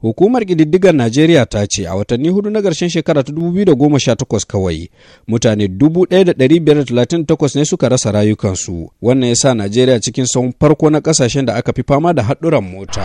Hukumar ƙididdigar Najeriya ta ce a watanni hudu na ƙarshen shekara ta 2018 kawai mutane 1,538 ne suka rasa rayukansu wannan ya sa Najeriya cikin son farko na ƙasashen da aka fi fama da haɗuran mota.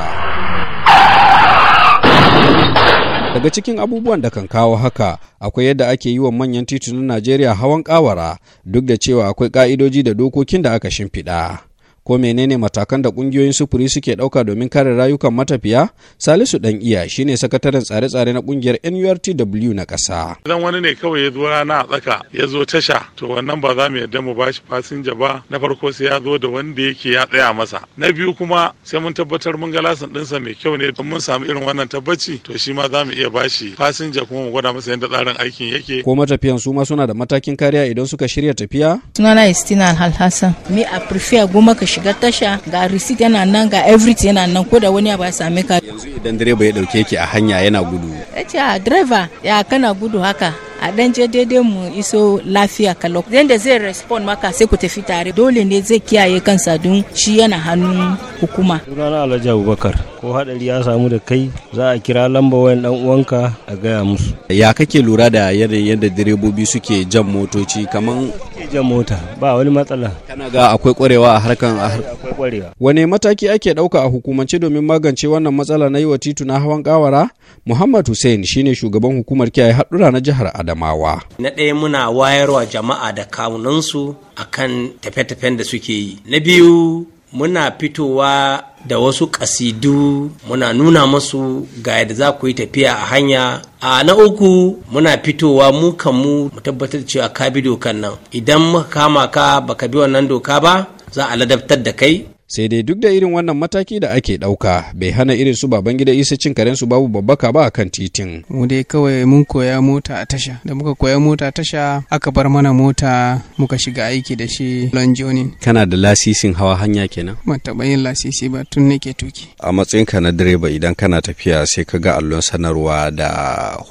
Daga cikin abubuwan da kan kawo haka akwai yadda ake yi wa manyan titunan Najeriya hawan ƙawara duk da cewa akwai ƙa'idoji da dokokin da aka shimfiɗa. ko menene matakan da kungiyoyin sufuri suke dauka domin kare rayukan matafiya salisu dan iya shine sakataren tsare-tsare na kungiyar nurtw na kasa idan wani ne kawai ya zo rana a tsaka ya zo tasha to wannan ba za mu yarda mu bashi fasinja ba na farko sai ya zo da wanda yake ya tsaya masa na biyu kuma sai mun tabbatar mun ga lasin dinsa mai kyau ne don mun samu irin wannan tabbaci to shi ma za mu iya bashi fasinja kuma mu gwada masa yadda tsarin aikin yake ko matafiyan su ma suna da matakin kariya idan suka shirya tafiya sunana istina alhassan me a prefer goma ka shiga tasha ga receipt yana nan ga everything yana nan ko da wani ya ba same ka yanzu idan direba ya dauke ki a hanya yana gudu ya ce ah, driver ya kana gudu haka a dan je daidai mu iso lafiya kalau yadda zai respond maka sai ku tafi tare dole ne zai kiyaye kansa don shi yana hannun hukuma sunana alhaji abubakar ko hadari ya samu da kai za a kira lamba wayan dan uwanka a gaya musu ya kake lura da yadda direbobi suke jan motoci kaman jan mota ba wani matsala kana ga akwai kwarewa a harkan akwai kwarewa wane mataki ake dauka a hukumance domin magance wannan matsala na yi wa titu na hawan kawara muhammad hussein shine shugaban hukumar kiyaye haɗura na jihar adam Adamawa. Na ɗaya muna wayarwa jama'a da kawunansu akan tafe-tafen da suke yi. Na biyu muna fitowa da wasu ƙasidu muna nuna masu ga yadda za ku yi tafiya a hanya a na uku muna fitowa mu kanmu mu tabbatar cewa ka bi dokan nan idan muka kama ka baka bi wannan doka ba za a ladabtar da kai sai dai duk da irin wannan mataki da ake ɗauka bai hana irin su baban gida isa cin karen su babu babbaka ba kan titin mu dai kawai mun koya mota a tasha da muka koya mota a tasha aka bar mana mota muka shiga aiki da shi lonjoni. kana da lasisin hawa hanya kenan ban taɓa yin lasisi ba tun nake tuki a matsayinka na direba idan kana tafiya sai ka ga allon sanarwa da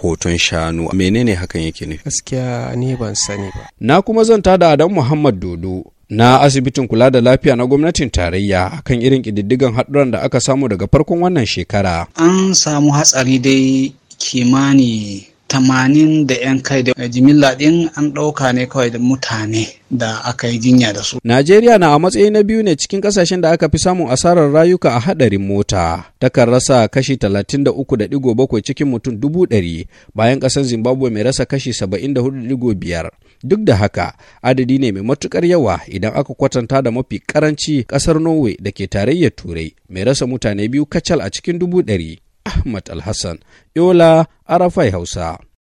hoton shanu menene hakan yake nufi gaskiya ni ban sani ba na kuma zanta da adam muhammad dodo na asibitin kula da lafiya na gwamnatin tarayya akan irin ƙididdigan haɗuran da aka samu daga farkon wannan shekara. An samu hatsari dai kimani tamanin da 'yan kai da jimilla ɗin an ɗauka ne kawai da mutane da aka yi jinya da su. Najeriya na a matsayi na biyu ne cikin kasashen da aka fi samun asarar rayuka a haɗarin mota. Takan rasa kashi 33.7 cikin mutum dubu dari bayan ƙasar Zimbabwe mai rasa kashi 74.5. Duk da haka, adadi ne mai matukar yawa idan aka kwatanta da mafi karanci ƙasar Norway da ke tarayyar Turai mai rasa mutane biyu kacal a cikin dubu dari. Ahmad Alhassan, Yola Arafai Hausa.